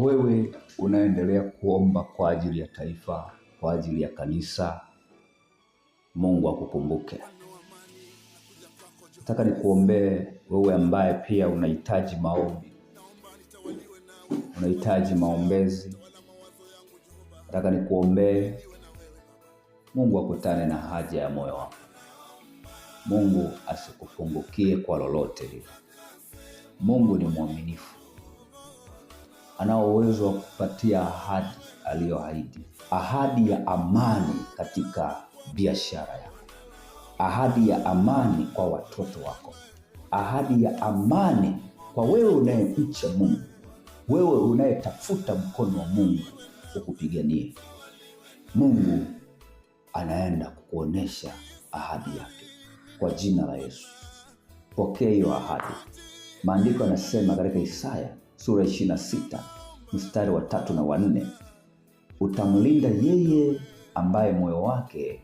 wewe unaendelea kuomba kwa ajili ya taifa, kwa ajili ya kanisa, Mungu akukumbuke. Nataka nikuombee wewe ambaye pia unahitaji maombi, unahitaji maombezi. Nataka nikuombee Mungu akutane na haja ya moyo wako. Mungu asikufungukie kwa lolote lile. Mungu ni mwaminifu anao uwezo wa kupatia ahadi aliyoahidi, ahadi ya amani katika biashara yako, ahadi ya amani kwa watoto wako, ahadi ya amani kwa wewe unayemcha Mungu, wewe unayetafuta mkono wa Mungu ukupiganie. Mungu anaenda kukuonesha ahadi yake kwa jina la Yesu. Pokea hiyo ahadi. Maandiko yanasema katika Isaya sura 26 mstari wa tatu na wanne, utamlinda yeye ambaye moyo wake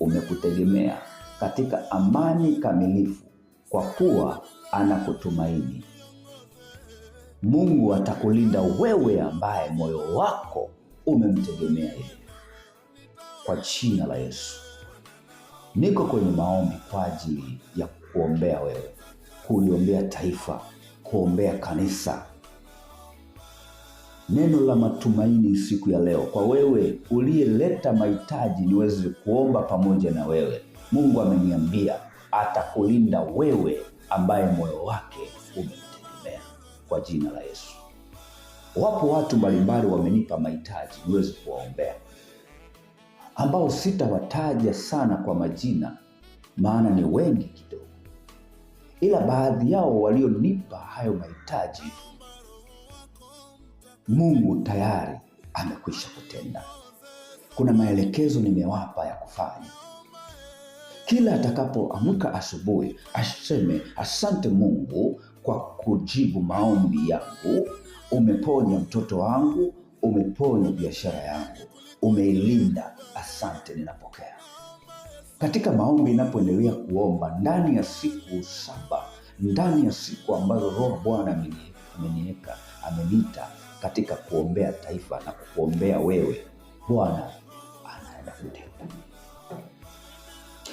umekutegemea katika amani kamilifu, kwa kuwa anakutumaini. Mungu atakulinda wewe ambaye moyo wako umemtegemea yeye, kwa jina la Yesu. Niko kwenye maombi kwa ajili ya kuombea wewe, kuliombea taifa, kuombea kanisa neno la matumaini siku ya leo kwa wewe uliyeleta mahitaji niweze kuomba pamoja na wewe. Mungu ameniambia atakulinda wewe ambaye moyo wake umetegemea kwa jina la Yesu. Wapo watu mbalimbali wamenipa mahitaji niweze kuwaombea, ambao sitawataja sana kwa majina, maana ni wengi kidogo, ila baadhi yao walionipa hayo mahitaji Mungu tayari amekwisha kutenda. Kuna maelekezo nimewapa ya kufanya. Kila atakapoamka asubuhi aseme, asante Mungu kwa kujibu maombi yangu. Umeponya mtoto wangu, umeponya biashara yangu, umeilinda. Asante, ninapokea. Katika maombi, inapoendelea kuomba ndani ya siku saba, ndani ya siku ambazo Roho Bwana ameniweka ameniita katika kuombea taifa na kuombea wewe, Bwana anaenda kutenda.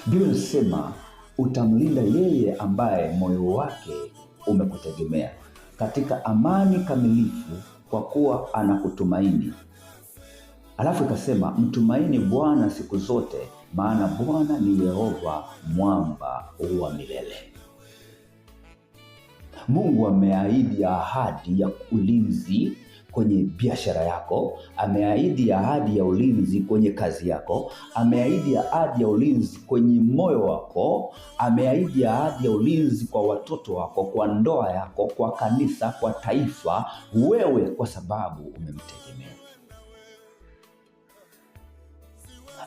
Biblia inasema utamlinda yeye ambaye moyo wake umekutegemea katika amani kamilifu, kwa kuwa anakutumaini. Alafu ikasema mtumaini Bwana siku zote, maana Bwana ni Yehova mwamba wa milele. Mungu ameahidi ahadi ya ulinzi kwenye biashara yako, ameahidi ahadi ya ulinzi kwenye kazi yako, ameahidi ahadi ya ulinzi kwenye moyo wako, ameahidi ahadi ya ulinzi kwa watoto wako, kwa ndoa yako, kwa kanisa, kwa taifa, wewe, kwa sababu umemtegemea.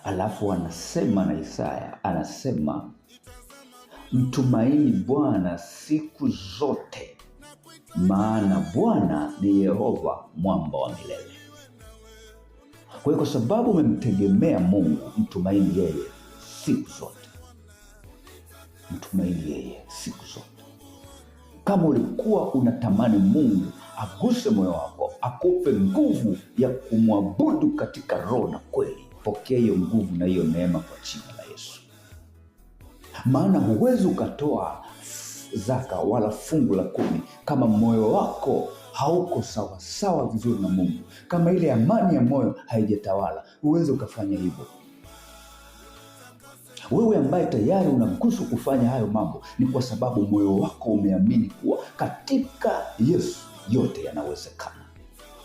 Alafu anasema na Isaya anasema, mtumaini Bwana siku zote maana Bwana ni Yehova mwamba wa milele. Kwa hiyo kwa sababu umemtegemea Mungu, mtumaini yeye siku zote, mtumaini yeye siku zote. Kama ulikuwa unatamani Mungu aguse moyo wako, akupe nguvu ya kumwabudu katika roho na kweli, pokea hiyo nguvu na hiyo neema kwa jina la Yesu, maana huwezi ukatoa zaka wala fungu la kumi, kama moyo wako hauko sawasawa sawa vizuri na Mungu, kama ile amani ya moyo haijatawala, huwezi ukafanya hivyo. Wewe ambaye tayari unamkusu kufanya hayo mambo, ni kwa sababu moyo wako umeamini kuwa katika Yesu yote yanawezekana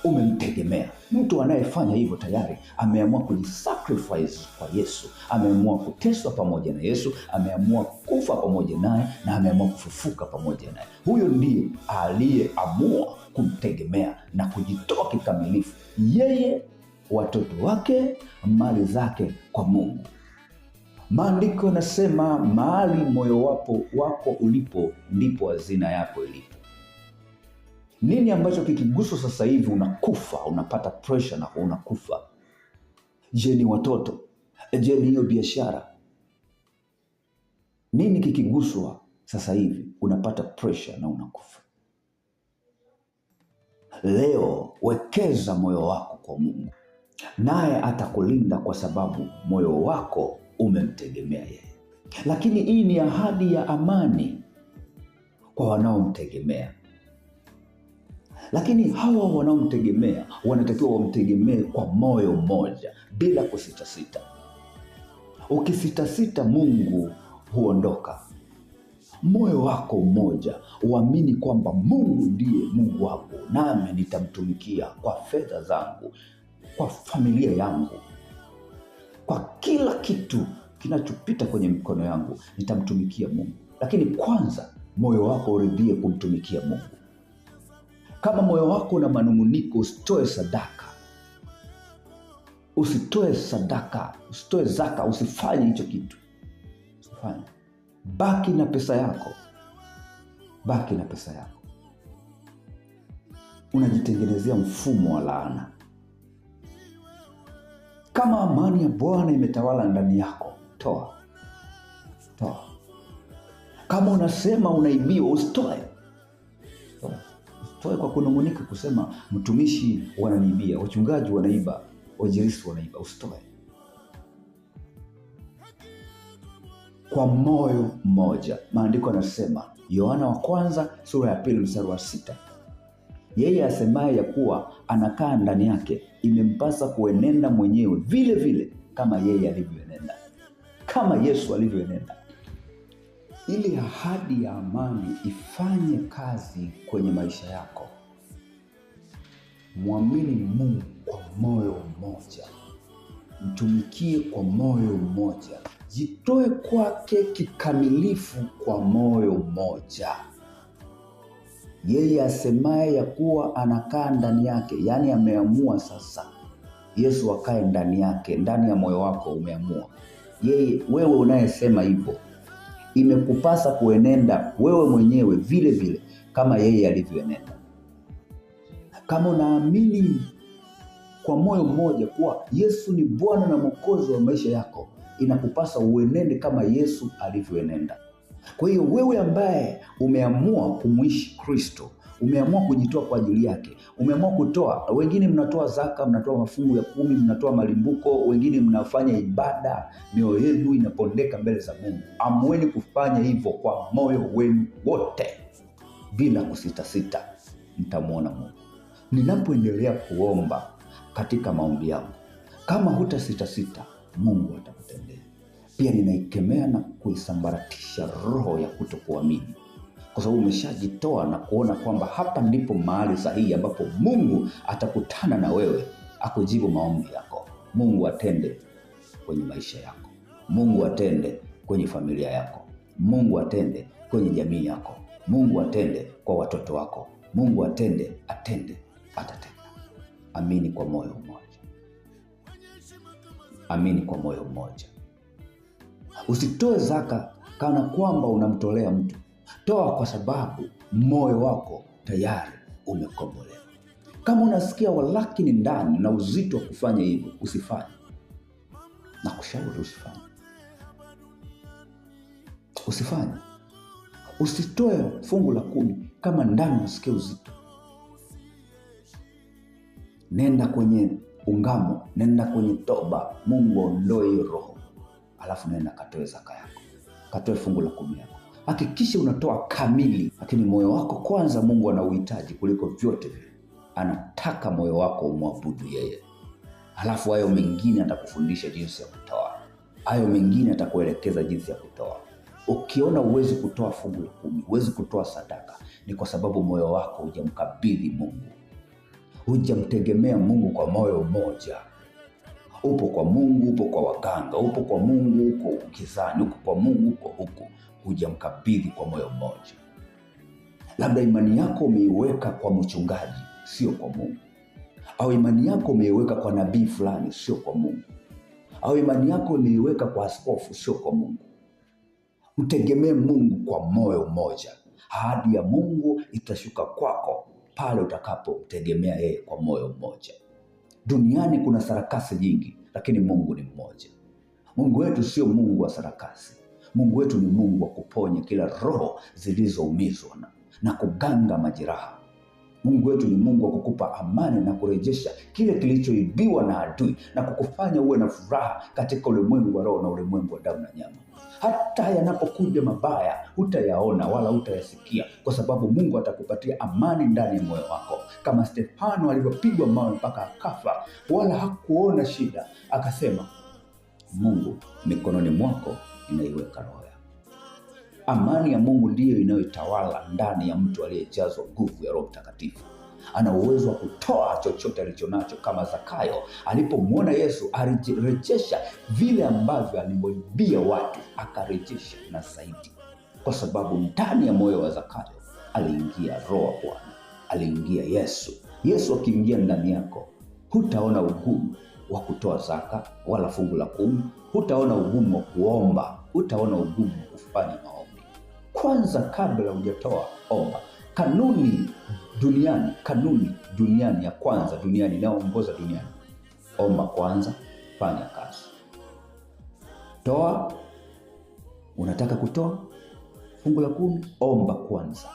umemtegemea. Mtu anayefanya hivyo tayari ameamua kujisacrifice kwa Yesu, ameamua kuteswa pamoja na Yesu, ameamua kufa pamoja naye na ameamua kufufuka pamoja naye. Huyo ndiye aliyeamua kumtegemea na kujitoa kikamilifu, yeye, watoto wake, mali zake kwa Mungu. Maandiko yanasema mahali moyo wapo wako ulipo ndipo hazina yako ilipo. Nini ambacho kikiguswa sasa hivi unakufa, unapata pressure na unakufa? Je, ni watoto? Je, ni hiyo biashara? Nini kikiguswa sasa hivi unapata pressure na unakufa? Leo wekeza moyo wako kwa Mungu, naye atakulinda kwa sababu moyo wako umemtegemea yeye. Lakini hii ni ahadi ya amani kwa wanaomtegemea lakini hawa wanaomtegemea wanatakiwa wamtegemee kwa moyo mmoja bila kusitasita. Ukisitasita Mungu huondoka. Moyo wako mmoja, uamini kwamba Mungu ndiye Mungu wako, nami nitamtumikia kwa fedha zangu, kwa familia yangu, kwa kila kitu kinachopita kwenye mikono yangu, nitamtumikia Mungu. Lakini kwanza moyo wako uridhie kumtumikia Mungu. Kama moyo wako una manung'uniko, usitoe sadaka, usitoe sadaka, usitoe zaka, usifanye hicho kitu, usifanye. Baki na pesa yako, baki na pesa yako. Unajitengenezea mfumo wa laana. Kama amani ya Bwana imetawala ndani yako, toa, toa. Kama unasema unaibiwa, usitoe toe kwa kunung'unika kusema mtumishi wananiibia, wachungaji wanaiba, wajirisi wanaiba, usitoe kwa moyo mmoja. Maandiko anasema Yohana wa kwanza sura ya pili mstari wa sita yeye asemaye ya kuwa anakaa ndani yake imempasa kuenenda mwenyewe vile vile kama yeye alivyoenenda, kama Yesu alivyoenenda ili ahadi ya amani ifanye kazi kwenye maisha yako. Mwamini Mungu kwa moyo mmoja, mtumikie kwa moyo mmoja, jitoe kwake kikamilifu kwa moyo mmoja. Yeye asemaye ya kuwa anakaa ndani yake, yaani ameamua sasa Yesu akae ndani yake, ndani ya moyo wako umeamua. Yeye wewe unayesema hivyo imekupasa kuenenda wewe mwenyewe vile vile kama yeye alivyoenenda. Kama unaamini kwa moyo mmoja kuwa Yesu ni Bwana na Mwokozi wa maisha yako, inakupasa uenende kama Yesu alivyoenenda. Kwa hiyo wewe ambaye umeamua kumwishi Kristo umeamua kujitoa kwa ajili yake, umeamua kutoa. Wengine mnatoa zaka, mnatoa mafungu ya kumi, mnatoa malimbuko, wengine mnafanya ibada, mioyo yenu inapondeka mbele za Mungu. amweni kufanya hivyo kwa moyo wenu wote bila kusitasita, mtamwona Mungu. Ninapoendelea kuomba katika maombi yangu, kama hutasitasita, Mungu atakutendea pia. Ninaikemea na kuisambaratisha roho ya kutokuamini kwa sababu umeshajitoa na kuona kwamba hapa ndipo mahali sahihi ambapo Mungu atakutana na wewe akujibu maombi yako. Mungu atende kwenye maisha yako, Mungu atende kwenye familia yako, Mungu atende kwenye jamii yako, Mungu atende kwa watoto wako, Mungu atende, atende, atatenda. Amini kwa moyo mmoja, amini kwa moyo mmoja. Usitoe zaka kana kwamba unamtolea mtu Toa kwa sababu moyo wako tayari umekombolewa. Kama unasikia walaki ni ndani na uzito wa kufanya hivyo, usifanye. Na kushauri usifanye, usifanye. Usitoe fungu la kumi kama ndani unasikia uzito. Nenda kwenye ungamo, nenda kwenye toba, Mungu aondoe hiyo roho, alafu nenda katoe zaka yako, katoe fungu la kumi yako hakikisha unatoa kamili, lakini moyo wako kwanza Mungu anauhitaji kuliko vyote vile. Anataka moyo wako umwabudu yeye, halafu hayo mengine atakufundisha jinsi ya kutoa, hayo mengine atakuelekeza jinsi ya kutoa. Ukiona huwezi kutoa fungu la kumi, huwezi kutoa sadaka, ni kwa sababu moyo wako hujamkabidhi Mungu, hujamtegemea Mungu kwa moyo mmoja. Upo kwa Mungu, upo kwa waganga, upo kwa Mungu, uko ukizani uko kwa Mungu, uko huku hujamkabidhi kwa moyo mmoja. Labda imani yako umeiweka kwa mchungaji, sio kwa Mungu, au imani yako umeiweka kwa nabii fulani, sio kwa Mungu, au imani yako umeiweka kwa askofu, sio kwa Mungu. Mtegemee Mungu kwa moyo mmoja. Ahadi ya Mungu itashuka kwako pale utakapomtegemea yeye kwa moyo mmoja. Duniani kuna sarakasi nyingi, lakini Mungu ni mmoja. Mungu wetu sio Mungu wa sarakasi. Mungu wetu ni Mungu wa kuponya kila roho zilizoumizwa na, na kuganga majeraha. Mungu wetu ni Mungu wa kukupa amani na kurejesha kile kilichoibiwa na adui na kukufanya uwe na furaha katika ulimwengu wa roho na ulimwengu wa damu na nyama. Hata yanapokuja mabaya hutayaona wala hutayasikia, kwa sababu Mungu atakupatia amani ndani ya moyo wako, kama Stefano alivyopigwa mawe mpaka akafa, wala hakuona shida, akasema Mungu, mikononi mwako inaiweka roho yako. Amani ya Mungu ndiyo inayotawala ndani ya mtu aliyejazwa nguvu ya Roho Mtakatifu. Ana uwezo wa kutoa chochote alichonacho, kama Zakayo alipomwona Yesu alirejesha vile ambavyo alimwibia watu, akarejesha na zaidi, kwa sababu ndani ya moyo wa Zakayo aliingia roho wa Bwana, aliingia Yesu. Yesu akiingia ndani yako, hutaona ugumu wa kutoa zaka wala fungu la kumi, hutaona ugumu wa kuomba utaona ugumu kufanya maombi. Kwanza kabla hujatoa omba, kanuni duniani, kanuni duniani ya kwanza duniani inayoongoza duniani, omba kwanza, fanya kazi. Toa, unataka kutoa fungu la kumi, omba kwanza,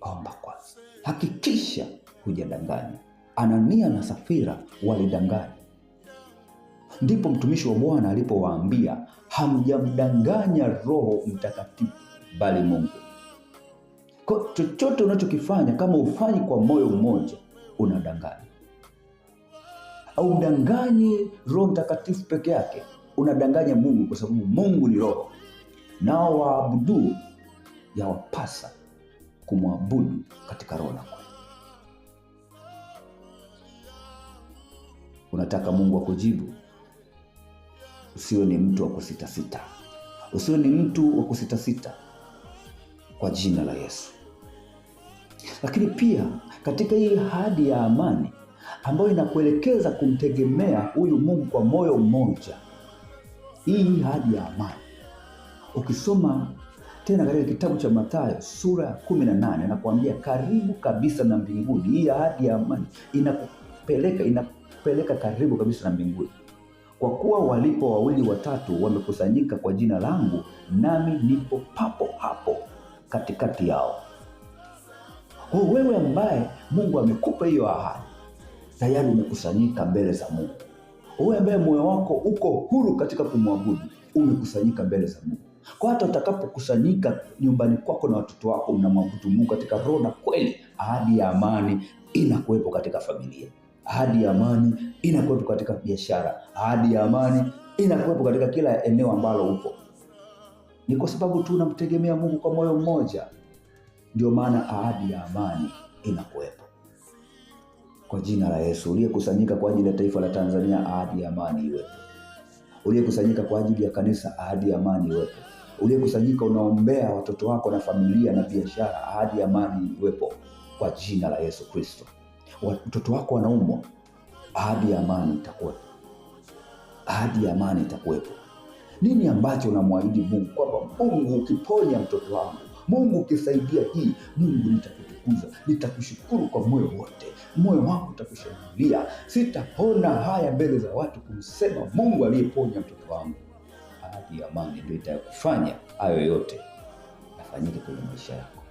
omba kwanza, hakikisha hujadanganya. Anania na Safira walidanganya, ndipo mtumishi wa Bwana alipowaambia hamjamdanganya Roho Mtakatifu bali Mungu. Kwa chochote unachokifanya kama ufanyi kwa moyo mmoja, unadanganya au mdanganyi Roho Mtakatifu peke yake, unadanganya Mungu, kwa sababu Mungu ni Roho, nao waabuduu yawapasa kumwabudu katika roho na Unataka Mungu akujibu? usiwe ni mtu wa kusitasita, usiwe ni mtu wa kusitasita kwa jina la Yesu. Lakini pia katika hii hadi ya amani ambayo inakuelekeza kumtegemea huyu Mungu kwa moyo mmoja, hii hadi ya amani ukisoma tena katika kitabu cha Mathayo sura ya kumi na nane anakuambia karibu kabisa na mbinguni. Hii ahadi ya amani inakupeleka inakupeleka karibu kabisa na mbinguni. Kwa kuwa walipo wawili watatu wamekusanyika kwa jina langu, nami nipo papo hapo katikati yao. O, wewe ambaye Mungu amekupa hiyo ahadi, tayari umekusanyika mbele za Mungu. Wewe ambaye moyo wako uko huru katika kumwabudu, umekusanyika mbele za Mungu. Kwa hata utakapokusanyika nyumbani kwako na watoto wako, unamwabudu Mungu katika roho na kweli, ahadi ya amani inakuwepo katika familia. Ahadi ya amani inakuwepo katika biashara, ahadi ya amani inakuwepo katika kila eneo ambalo upo. Ni kwa sababu tu unamtegemea Mungu kwa moyo mmoja, ndio maana ahadi ya amani inakuwepo. Kwa jina la Yesu, uliyekusanyika kwa ajili ya taifa la Tanzania, ahadi ya amani iwepo. Uliyekusanyika kwa ajili ya kanisa, ahadi ya amani iwepo. Uliyekusanyika unaombea watoto wako na familia na biashara, ahadi ya amani iwepo kwa jina la Yesu Kristo mtoto wako wanaumwa, ahadi ya amani itakuwepo, ahadi ya amani itakuwepo. Nini ambacho unamwahidi Mungu kwamba Mungu ukiponya mtoto wangu, Mungu ukisaidia hii, Mungu nitakutukuza, nitakushukuru kwa moyo wote, moyo wangu utakushangilia, sitapona haya mbele za watu kumsema Mungu aliyeponya mtoto wangu. Ahadi ya amani ndio itakufanya hayo yote yafanyike kwenye maisha yako,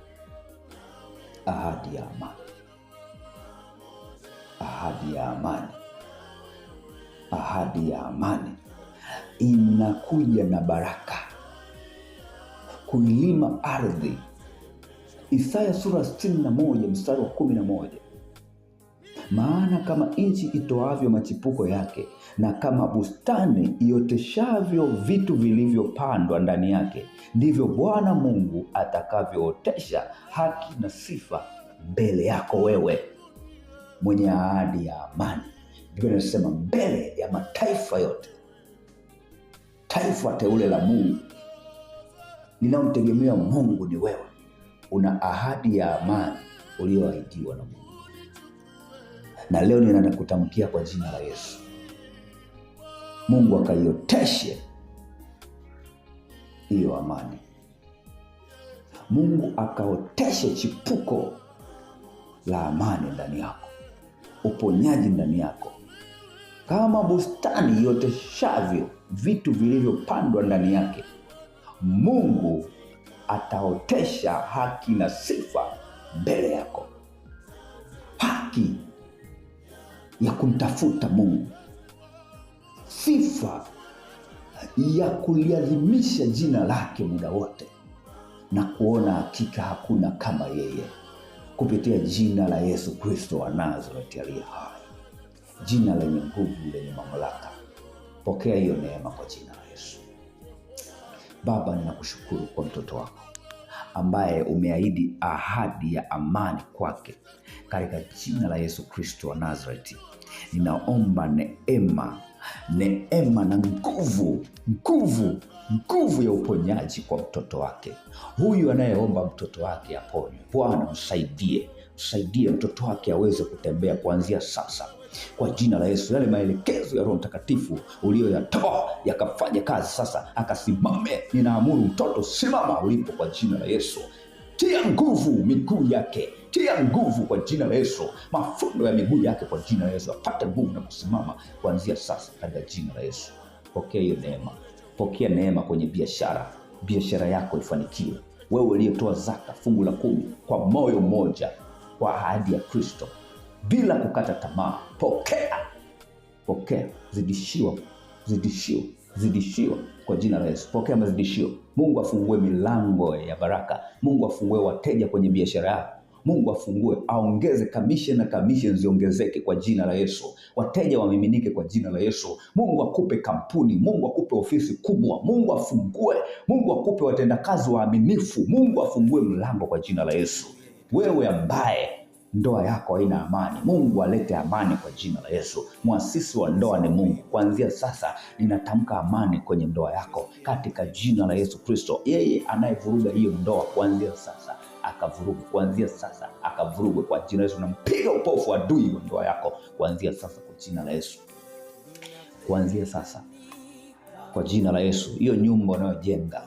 ahadi ya amani ahadi ya amani. Ahadi ya amani inakuja na baraka kuilima ardhi. Isaya sura sitini na moja mstari wa 11 na moja maana kama nchi itoavyo machipuko yake na kama bustani ioteshavyo vitu vilivyopandwa ndani yake, ndivyo Bwana Mungu atakavyootesha haki na sifa mbele yako wewe mwenye ahadi ya amani. Biblia inasema mbele ya mataifa yote, taifa teule la Mungu linalomtegemea Mungu ni wewe. Una ahadi ya amani uliyoahidiwa na Mungu, na leo ninakutamkia kwa jina la Yesu, Mungu akaioteshe hiyo amani. Mungu akaoteshe chipuko la amani ndani yako uponyaji ndani yako. Kama bustani ioteshavyo vitu vilivyopandwa ndani yake, Mungu ataotesha haki na sifa mbele yako. Haki ya kumtafuta Mungu, sifa ya kuliadhimisha jina lake muda wote na kuona hakika hakuna kama yeye kupitia jina la Yesu Kristo wa Nazareti aliye hai, jina lenye nguvu, lenye mamlaka. Pokea hiyo neema kwa jina la Yesu. Baba, ninakushukuru kwa mtoto wako ambaye umeahidi ahadi ya amani kwake katika jina la Yesu Kristo wa Nazareti. Ninaomba neema neema na nguvu, nguvu, nguvu ya uponyaji kwa mtoto wake. Huyu anayeomba mtoto wake aponywe, Bwana msaidie, msaidie mtoto wake aweze kutembea kuanzia sasa kwa jina la Yesu. Yale maelekezo ya Roho Mtakatifu uliyoyatoa yakafanya kazi sasa, akasimame. Ninaamuru mtoto, simama ulipo kwa jina la Yesu tia nguvu miguu yake, tia nguvu kwa jina la Yesu. Mafundo ya miguu yake kwa jina la Yesu, apate nguvu na kusimama kuanzia sasa katika jina la Yesu. Pokea hiyo neema, pokea neema kwenye biashara, biashara yako ifanikiwe. Wewe uliyetoa zaka fungu la kumi kwa moyo mmoja, kwa ahadi ya Kristo, bila kukata tamaa, pokea, pokea, zidishiwa, zidishiwa zidishiwa kwa jina la Yesu. Pokea mazidishio. Mungu afungue milango ya baraka. Mungu afungue wateja kwenye biashara yako. Mungu afungue, aongeze commission na commission ziongezeke kwa jina la Yesu. Wateja wamiminike kwa jina la Yesu. Mungu akupe kampuni, Mungu akupe ofisi kubwa, Mungu afungue, Mungu akupe watendakazi waaminifu, Mungu afungue mlango kwa jina la Yesu. Wewe ambaye ndoa yako haina amani. Mungu alete amani kwa jina la Yesu. Mwasisi wa ndoa ni Mungu. Kuanzia sasa ninatamka amani kwenye ndoa yako katika jina la Yesu Kristo. Yeye anayevuruga hiyo ndoa kuanzia sasa akavurugu kuanzia sasa akavurugwe kwa jina Yesu. Nampiga upofu adui wa ndoa yako kuanzia sasa kwa jina la Yesu, kuanzia sasa kwa jina la Yesu. Hiyo nyumba unayojenga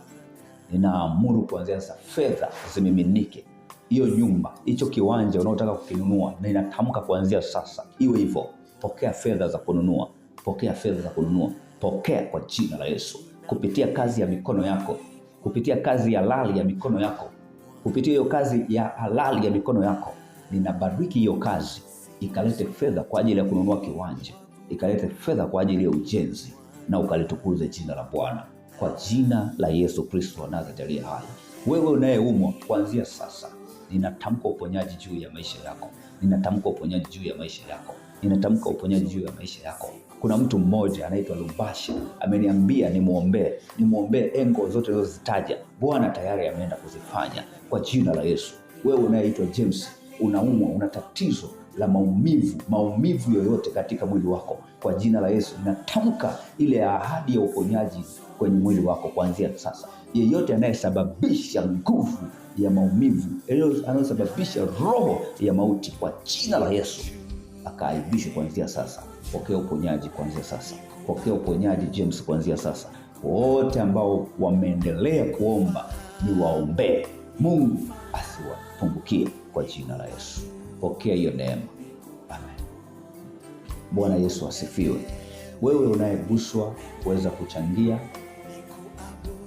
ninaamuru kuanzia sasa fedha zimiminike hiyo nyumba, hicho kiwanja unaotaka kukinunua, na inatamka kuanzia sasa iwe hivyo. Pokea fedha za kununua, pokea fedha za kununua, pokea kwa jina la Yesu, kupitia kazi ya mikono yako, kupitia kazi ya halali ya mikono yako, kupitia hiyo kazi ya halali ya mikono yako. Ninabariki hiyo kazi ikalete fedha kwa ajili ya kununua kiwanja, ikalete fedha kwa ajili ya ujenzi, na ukalitukuze jina la Bwana kwa jina la Yesu Kristo wa Nazareti aliye hai. Wewe unayeumwa kuanzia sasa ninatamka uponyaji juu ya maisha yako, ninatamka uponyaji juu ya maisha yako, ninatamka uponyaji juu ya maisha yako. Kuna mtu mmoja anaitwa lubashi ameniambia nimwombee, nimwombee engo zote nilizozitaja. Bwana tayari ameenda kuzifanya kwa jina la Yesu. Wewe unayeitwa James, unaumwa, una tatizo la maumivu, maumivu yoyote katika mwili wako, kwa jina la Yesu ninatamka ile ahadi ya uponyaji kwenye mwili wako kuanzia sasa. Yeyote anayesababisha nguvu ya maumivu anayosababisha roho ya mauti kwa jina la Yesu, akaaibishwe kuanzia sasa. Pokea uponyaji kuanzia sasa, pokea uponyaji James kuanzia sasa. Wote ambao wameendelea kuomba ni waombee, Mungu asiwapungukie kwa jina la Yesu. Pokea hiyo neema, amen. Bwana Yesu asifiwe. Wewe unayeguswa kuweza kuchangia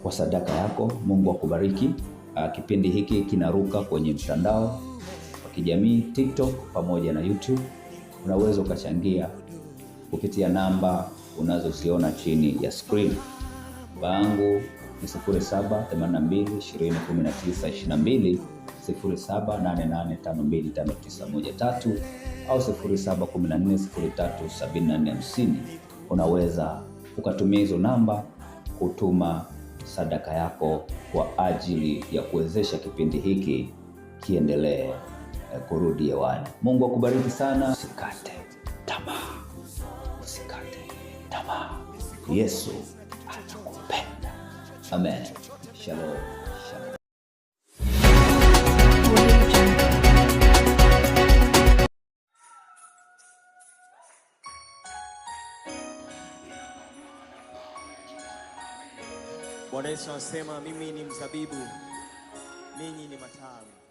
kwa sadaka yako. Mungu akubariki. Uh, kipindi hiki kinaruka kwenye mtandao wa kijamii TikTok pamoja na YouTube. Unaweza ukachangia kupitia namba unazoziona chini ya screen. Bangu ni 0782201922, 0788525913 au 0714037450. Unaweza ukatumia hizo namba kutuma sadaka yako kwa ajili ya kuwezesha kipindi hiki kiendelee eh, kurudi hewani. Mungu akubariki sana, usikate tamaa, usikate tamaa. Yesu atakupenda Amen. Shalom. Yesu anasema mimi ni mzabibu, ninyi ni matawi.